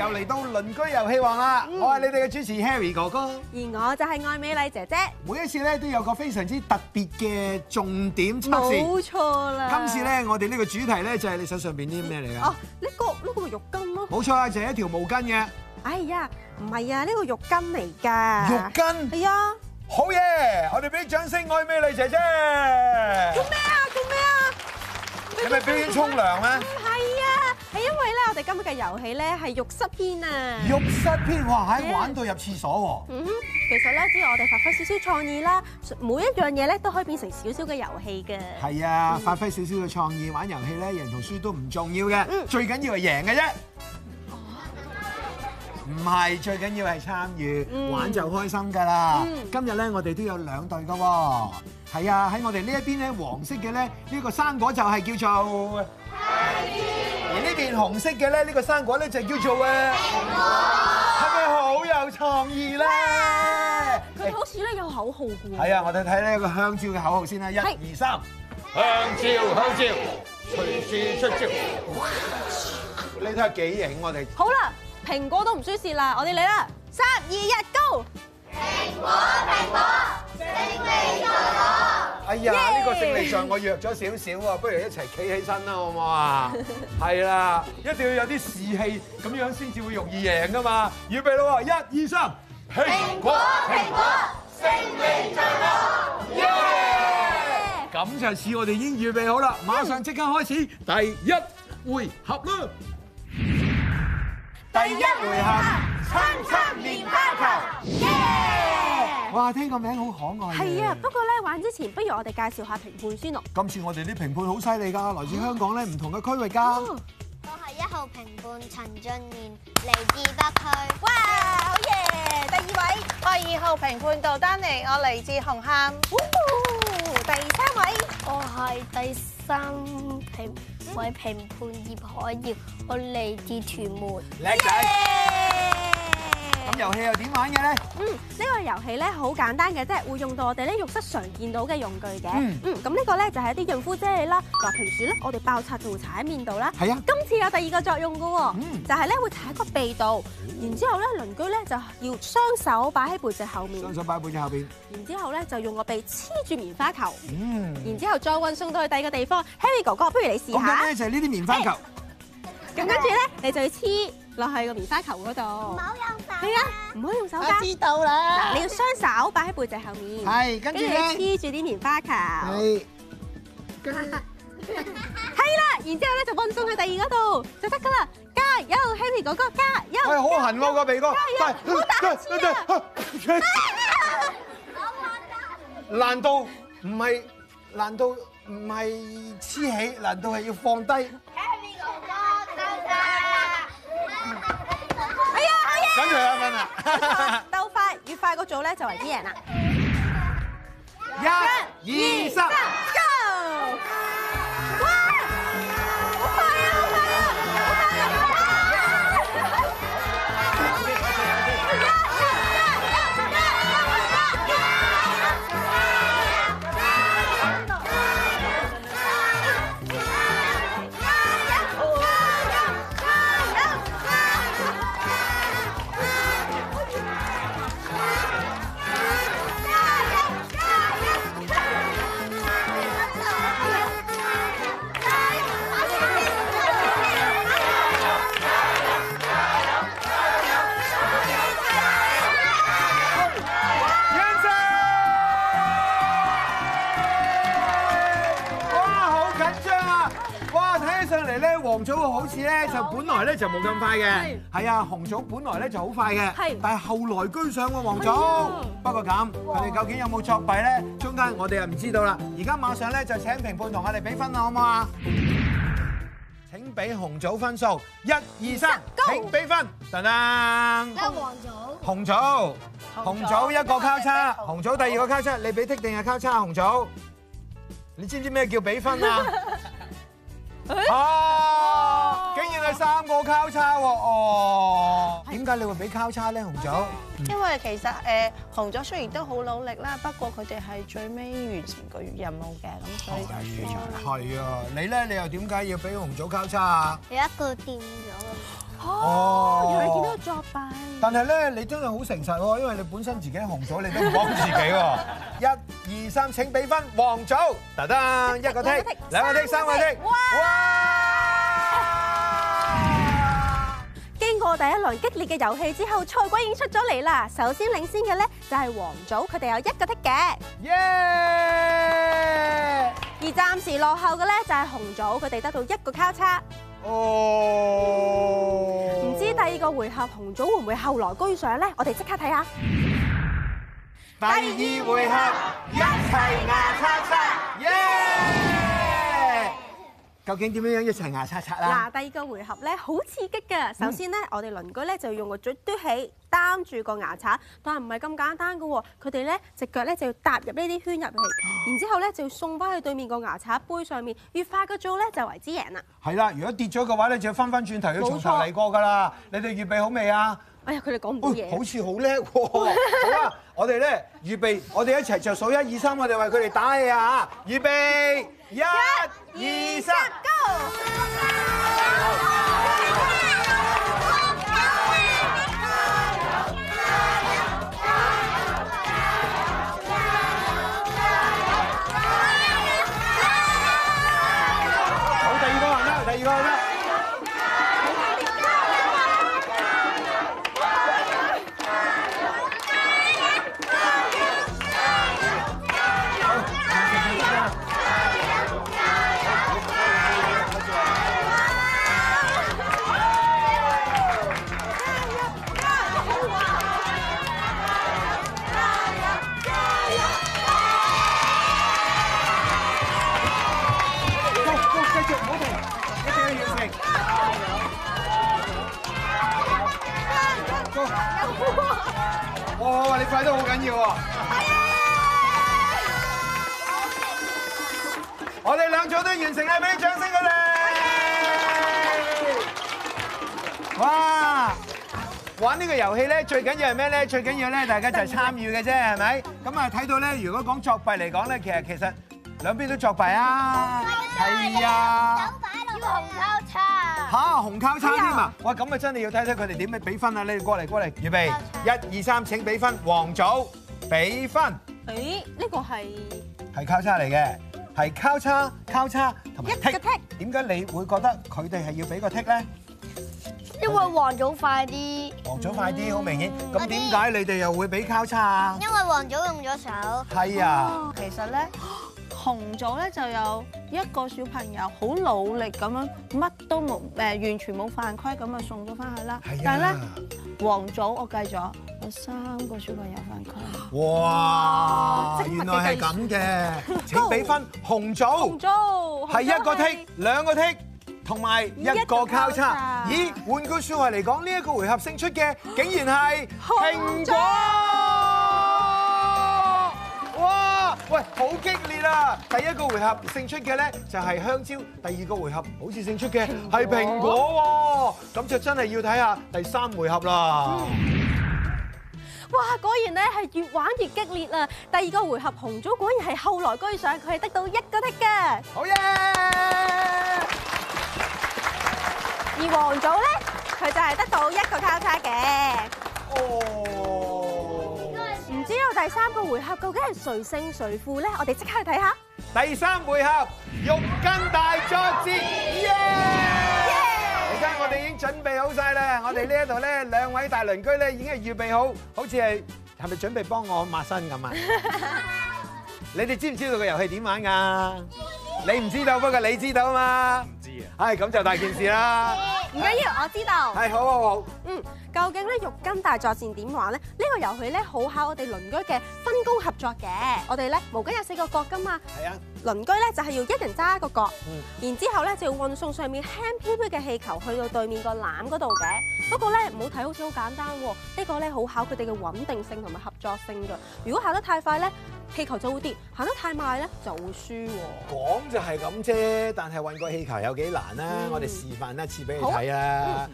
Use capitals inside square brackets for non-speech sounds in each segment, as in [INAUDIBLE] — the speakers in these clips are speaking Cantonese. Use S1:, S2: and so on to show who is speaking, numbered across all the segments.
S1: 又嚟到鄰居遊戲王啦！我係你哋嘅主持 Harry 哥哥、嗯，
S2: 而我就係愛美麗姐姐。每一次咧都有一個非常之特別嘅重點測試，冇錯啦。今次咧
S1: 我哋呢個主題咧就係你手上邊啲咩嚟㗎？哦，呢、
S2: 呢個呢、呢個浴巾咯。冇錯啦，就係、係、一條毛巾嘅。哎呀，唔係啊，呢個浴巾嚟㗎。浴巾。係啊。好嘢！
S1: 我哋俾啲掌聲，愛美麗姐姐
S2: 做。做咩啊？
S1: 做咩啊？你咪表演沖涼咩？
S2: 今日嘅遊戲咧係浴室篇啊！浴室篇哇，喺玩到入廁所喎。嗯哼，其實咧只要我哋發揮少少創意啦，每一樣嘢咧都可以變成少少嘅遊戲
S1: 嘅。係啊，發揮少少嘅創意玩遊戲咧，贏同輸都唔重要嘅。嗯，最緊要係贏嘅啫。唔係，最緊要係參與，玩就開心噶啦。今日咧我哋都有兩隊噶。係啊，喺我哋呢一邊咧，黃色嘅咧呢個生果就係叫做。而呢邊紅色嘅咧，呢個生果咧就叫做誒，蘋果，係咪好有創意咧？
S2: 佢好似咧有口號嘅喎。係啊，
S1: 我哋睇呢一個香蕉嘅口號先啦，一二三，香蕉香蕉，
S2: 隨時出招。
S1: 你睇下幾型。我哋
S2: 好啦，蘋果都唔輸蝕啦，我哋嚟啦，三二一，Go！蘋果蘋果。呀！呢個勝利上我
S1: 弱咗少少啊，不如一齊企起身啦，好唔好啊？係啦，一定要有啲士氣，咁樣先至會容易贏噶嘛。預備咯喎，一、二、三，蘋果蘋果，蘋果，
S2: 勝利在握，耶！
S1: 咁就係我哋已經準備好啦，馬上即刻開始第一回合啦！
S2: 第一回合，親親棉花球。哇！聽個名好可愛。啊，不過咧玩之前，不如我哋介紹下評判先囉。
S1: 今次我哋啲評判好犀利㗎，來自香港咧唔同嘅區域㗎、嗯。我係一號
S2: 評判陳俊賢，嚟自北區。哇！好耶！第二位。我係二號評判杜丹尼，我嚟自紅磡、哦。第三位。我係第三位評判葉海葉，我嚟自屯門。叻仔！遊戲又點玩嘅咧？嗯，呢、這個遊戲咧好簡單嘅，即係會用到我哋咧浴室常見到嘅用具嘅。嗯嗯，咁、這、呢個咧就係一啲潤膚啫喱啦。嗱，平時咧我哋爆擦就會搽喺面度啦。係啊。今次有第二個作用噶，嗯、就係咧會搽喺個鼻度。然之後咧鄰居咧就要雙手擺喺背脊後面。雙手
S1: 擺喺背脊後邊。
S2: 然之後咧就用個鼻黐住棉花球。
S1: 嗯、然之
S2: 後再運送到去第二個地方，Henry 哥哥，不如你試下。咁咧
S1: 就係呢啲棉花球。
S2: 咁跟住咧，你就要黐落去個棉花球嗰度。冇用。係啊，唔可以用手揸，知道啦。嗱，你要雙手擺喺背脊後面，係，跟住咧黐住啲棉花球，係，跟住，係啦，然之後咧就運送去第二嗰度就得噶啦。加油，Henry 哥哥，加油，係好痕
S1: 喎個鼻哥，好大，好大，好大，難度唔係，難度唔係黐起，難度係要放低。
S2: 鬥快，越快嗰組咧就為之贏啦！一、二、三。
S1: 上嚟咧，黃組好似咧就本來咧就冇咁快嘅，係啊，紅組本來咧就好快嘅，係。但係後來居上喎，黃組。不過咁，佢哋究竟有冇作弊咧？中間我哋又唔知道啦。而家馬上咧就請評判同我哋俾分啦，好唔好啊？請俾紅組分數，一、二、三，請俾分。噔噔，紅組，紅組，紅組一個交叉，紅組第二個交叉，你俾剔定係交叉紅組？你知唔知咩叫俾分啊？啊！竟然係三個交叉喎，哦！點解你會俾交叉咧，紅組？
S2: 因為其實誒、呃、紅組雖然都好努力啦，不過佢哋係最尾完成個,月個月任務嘅，咁
S1: 所以輸咗。係啊，你咧你又點解要俾紅組交叉？
S2: 有一個掂咗
S1: 啊！哦，原來見到作弊？但係咧，你真係好誠實，因為你本身自己紅組，你都唔幫自己啊。 [LAUGHS] 二三請比分，黃組，得得一個剔，兩個剔，三個剔。
S2: 哇！經過第一輪激烈嘅遊戲之後，賽果已經出咗嚟啦。首先領先嘅咧就係黃組，佢哋有一個剔嘅。耶！而暫時落後嘅咧就係紅組，佢哋得到一個交叉。哦！唔知第二個回合紅組會唔會後來居上咧？我哋即刻睇下。第二回合，一齊牙刷
S1: 刷，耶！究竟點樣樣一齊牙刷刷啦？嗱，
S2: 第二個回合咧，好刺激㗎。嗯、首先咧，我哋鄰居咧就用個嘴嘟起擔住個牙刷，但係唔係咁簡單嘅喎。佢哋咧隻腳咧就要踏入呢啲圈入嚟，然之後咧就要送翻去對面個牙刷杯上面，越快個做咧就為之贏啦。
S1: 係啦，如果跌咗嘅話咧，就要翻翻轉頭。要重頭，嚟過噶啦。你哋預備好未啊？
S2: 哎呀，佢哋講唔到嘢。好似好叻喎。 [LAUGHS]
S1: 我哋咧預備，我哋一齊就數一、二、三，我哋為佢哋打氣啊！嚇，預備，一、二、
S2: 三，Go！
S1: 哇哇哇！你快得好緊要啊！我哋兩組都完成啦，俾啲掌聲佢哋。哇！玩呢個遊戲咧，最緊要係咩咧？最緊要咧，大家就係參與嘅啫，係咪？咁啊，睇到咧，如果講作弊嚟講咧，其實其實兩邊都作弊啊，係啊，要紅包拆。嚇，紅交叉添啊！喂，咁啊真係要睇睇佢哋點樣俾分啊！你哋過嚟過嚟，預備，一二三，請俾分。黃組，俾分。
S2: 咦，呢個係
S1: 係交叉嚟嘅，係交叉交叉同埋 tick。一個 tick。點解你會覺得佢哋係要俾個 tick 咧？
S2: 因為黃組快啲。黃
S1: 組快啲，好明顯。咁點解你哋又會俾交
S2: 叉啊？因為黃組用咗手。係啊，其實咧。紅組咧就有一個小朋友好努力咁樣，乜都冇誒，完全冇犯規咁啊送咗翻去啦。但係咧，黃組我計咗有三個小朋友犯規。
S1: 哇！的原來係咁嘅。請畀分紅組，紅組係一個剔，兩個剔，同埋一個交叉。咦？換句說話嚟講，呢、這、一個回合勝出嘅，竟然係紅，紅組。蘋果。喂，好激烈啊！第一個回合勝出嘅呢就係香蕉，第二個回合好似勝出嘅係蘋果喎，咁就真係要睇下第三回合啦。
S2: 哇，果然咧係越玩越激烈啊！第二個回合紅組果然係後來居上，佢係得到一個剔嘅，好啊。而黃組呢，佢就係得到一個叉叉嘅。哦。第三個回合究竟係誰勝誰負咧？我哋即刻去睇下。第三回合，浴巾大作戰。而家我哋已經
S1: 準備好晒啦。我哋呢一度咧，兩位大鄰居咧已經係預備好，好似係係咪準備幫我抹身咁啊？你哋知唔知道個遊戲點玩噶？你唔知道，不過你知道啊嘛？唔知啊。係咁就大件事啦。
S2: 唔緊要，我知道。係好好，好。嗯，究竟咧浴巾大作戰點玩咧？呢個遊戲咧好考我哋鄰居嘅分工合作嘅。我哋咧毛巾有四個角噶嘛。係啊。鄰居咧就係要一人揸一個角。嗯。然之後咧就要運送上面輕飄飄嘅氣球去到對面個籃嗰度嘅。不過咧唔好睇，好似好簡單喎。呢個咧好考佢哋嘅穩定性同埋合作性㗎。如果考得太快咧。氣球就會跌，行得太慢咧就會輸喎。
S1: 講就係咁啫，但係運個氣球有幾難啦？我哋示範一次俾你睇啊！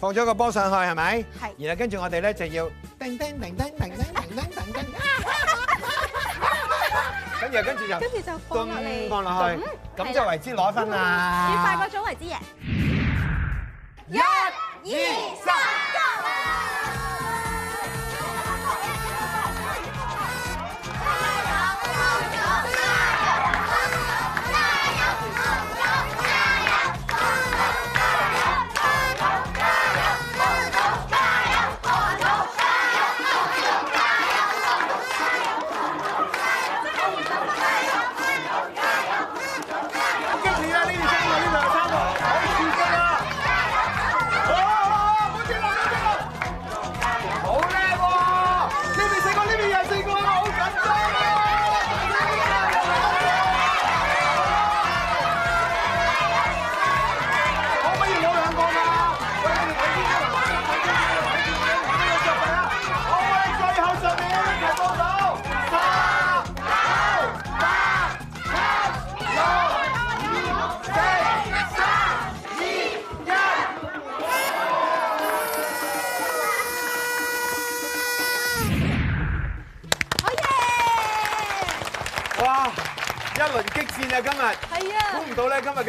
S1: 放咗個波上去係咪？係。然後跟住我哋咧就要。叮叮叮叮叮叮
S2: 叮叮叮叮。
S1: 跟住跟住就。跟
S2: 住就放落嚟，放落去，
S1: 咁就為之攞分啦！最快嗰
S2: 組為之贏。一、二、三。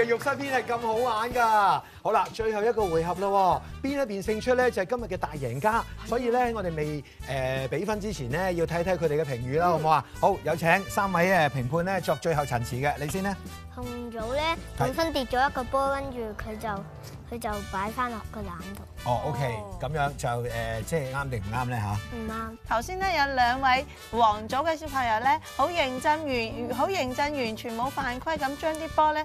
S1: 浴室邊係咁好玩㗎！好啦，最後一個回合啦，邊一邊勝出咧，就係今日嘅大贏家。所以咧，我哋未誒畀分之前咧，要睇睇佢哋嘅評語啦，好唔好啊？好，有請三位誒評判咧作最後陳詞嘅，你先咧。
S2: 紅組咧，本身跌咗一個波，跟住佢就佢就擺翻落個籃
S1: 度。哦，OK，咁樣就誒，即係啱定唔啱咧吓，唔
S2: 啱。頭先咧有兩位黃組嘅小朋友咧，好認真完好認真，完全冇犯規咁將啲波咧。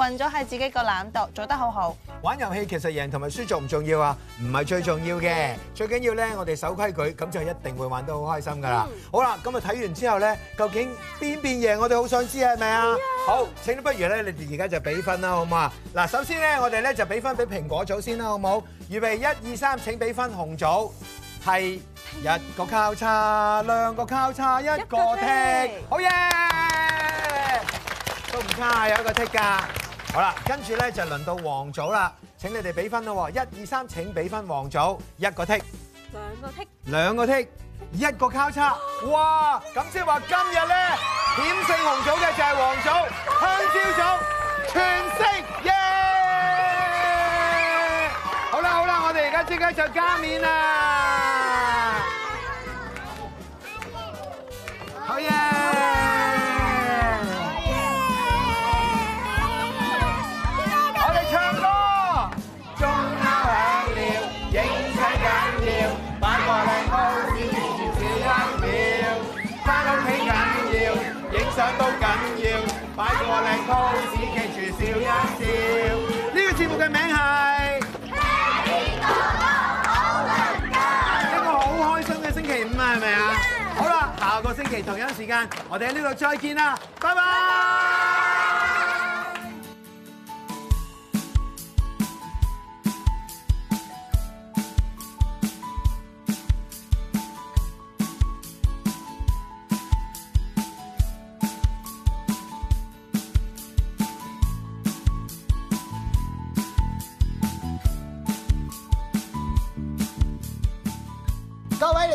S2: 混咗喺自己個懶惰，做得好好。
S1: 玩遊戲其實贏同埋輸重唔重要啊？唔係最重要嘅，最緊要咧，我哋守規矩，咁就一定會玩得好開心噶啦。好啦，咁啊睇完之後咧，究竟邊邊贏？我哋好想知係咪啊？好，請不如咧，你哋而家就俾分啦，好唔好啊？嗱，首先咧，我哋咧就俾分俾蘋果組先啦，好唔好？預備一二三，請俾分紅組，係一個交叉，兩個交叉，一個 tick，好嘢，
S2: 都唔差，有一個 tick 㗎。
S1: 好啦，跟住呢就輪到黃組啦。請你哋俾分啦，一二三，請俾分黃組一個 tick，兩個 tick，記住笑一笑，呢個節目嘅名係一個好開心嘅星期五啊，係咪啊？Yeah，好啦，下個星期同樣時間，我哋喺呢度再見啦，拜
S2: 拜。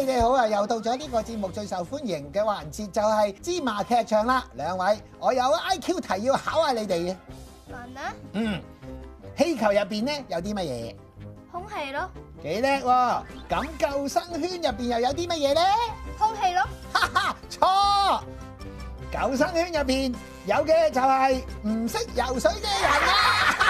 S1: 你好啊，又到咗呢個節目最受歡迎嘅環節，就係芝麻劇場啦。兩位，我有 IQ 題要考下你哋嘅。
S2: 問啊。嗯。
S1: 氣球入邊咧有啲乜嘢？
S2: 空氣咯。
S1: 幾叻喎。咁救生圈入邊又有啲乜嘢咧？
S2: 空氣咯。哈
S1: 哈，錯。救生圈入邊有嘅就係唔識游水嘅人
S2: 啦。